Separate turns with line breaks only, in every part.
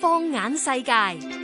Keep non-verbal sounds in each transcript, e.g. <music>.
放眼世界。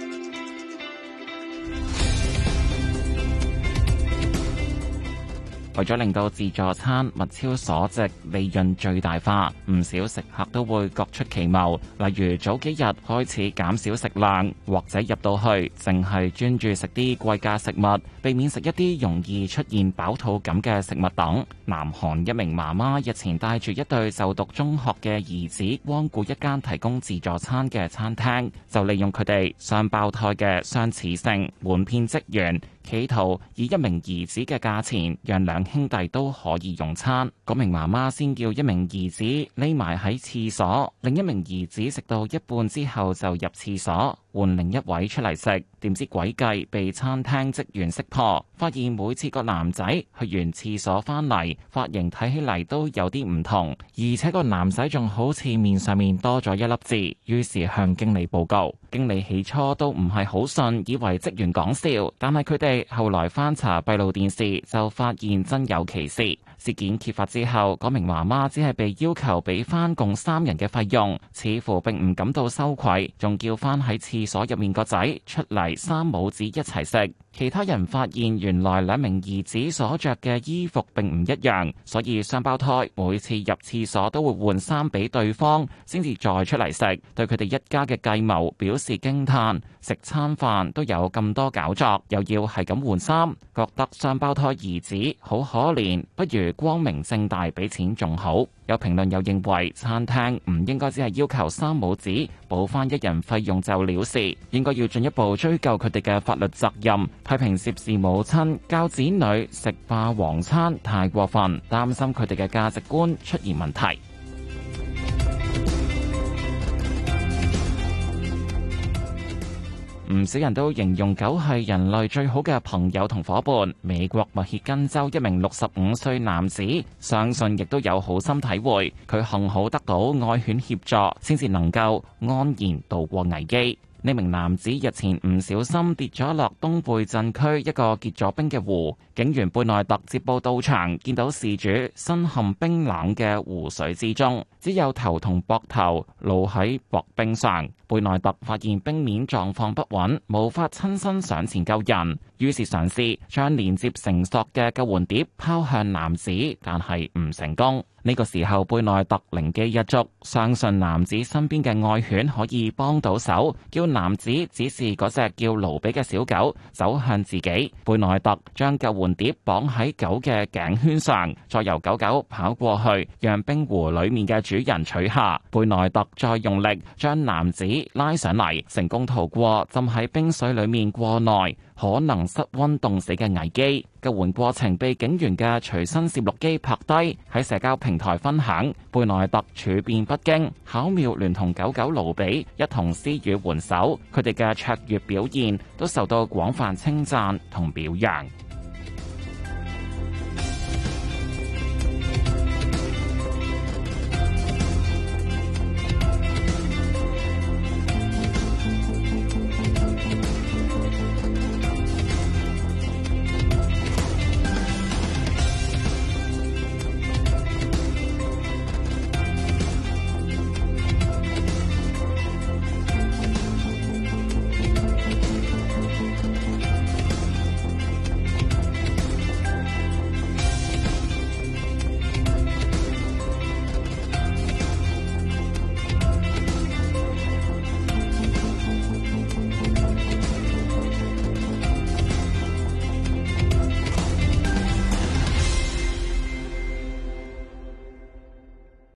為咗令到自助餐物超所值，利潤最大化，唔少食客都會各出奇謀，例如早幾日開始減少食量，或者入到去淨係專注食啲貴價食物，避免食一啲容易出現飽肚感嘅食物等。南韓一名媽媽日前帶住一對就讀中學嘅兒子，光顧一間提供自助餐嘅餐廳，就利用佢哋雙胞胎嘅相似性，瞞騙職員。企圖以一名兒子嘅價錢，讓兩兄弟都可以用餐。嗰名媽媽先叫一名兒子匿埋喺廁所，另一名兒子食到一半之後就入廁所。換另一位出嚟食，點知詭計被餐廳職員識破，發現每次個男仔去完廁所翻嚟，髮型睇起嚟都有啲唔同，而且個男仔仲好似面上面多咗一粒痣。於是向經理報告，經理起初都唔係好信，以為職員講笑，但係佢哋後來翻查閉路電視，就發現真有其事。事件揭發之後，嗰名媽媽只係被要求俾翻共三人嘅費用，似乎並唔感到羞愧，仲叫翻喺廁。所入面個仔出嚟，三母子一齊食。其他人發現原來兩名兒子所着嘅衣服並唔一樣，所以雙胞胎每次入廁所都會換衫俾對方，先至再出嚟食。對佢哋一家嘅計謀表示驚歎，食餐飯都有咁多搞作，又要係咁換衫，覺得雙胞胎兒子好可憐，不如光明正大俾錢仲好。有評論又認為餐廳唔應該只係要求三母子補翻一人費用就了，應該要進一步追究佢哋嘅法律責任，批評涉事母親教子女食霸王餐太過分，擔心佢哋嘅價值觀出現問題。唔 <music> 少人都形容狗係人類最好嘅朋友同夥伴。美國密歇根州一名六十五歲男子，相信亦都有好心體會，佢幸好得到愛犬協助，先至能夠安然度過危機。呢名男子日前唔小心跌咗落東貝鎮區一個結咗冰嘅湖，警員貝內特接報到場，見到事主身陷冰冷嘅湖水之中，只有頭同膊頭露喺薄冰上。貝內特發現冰面狀況不穩，無法親身上前救人，於是嘗試將連接繩索嘅救援碟拋向男子，但係唔成功。呢個時候，貝內特靈機一觸，相信男子身邊嘅愛犬可以幫到手，叫男子指示嗰隻叫盧比嘅小狗走向自己。貝內特將救援碟綁喺狗嘅頸圈上，再由狗狗跑過去，讓冰湖裏面嘅主人取下。貝內特再用力將男子拉上嚟，成功逃過浸喺冰水裏面過耐。可能失溫凍死嘅危機，救援過程被警員嘅隨身攝錄機拍低，喺社交平台分享。貝萊特處變不驚，巧妙聯同狗狗盧比一同施予援手，佢哋嘅卓越表現都受到廣泛稱讚同表揚。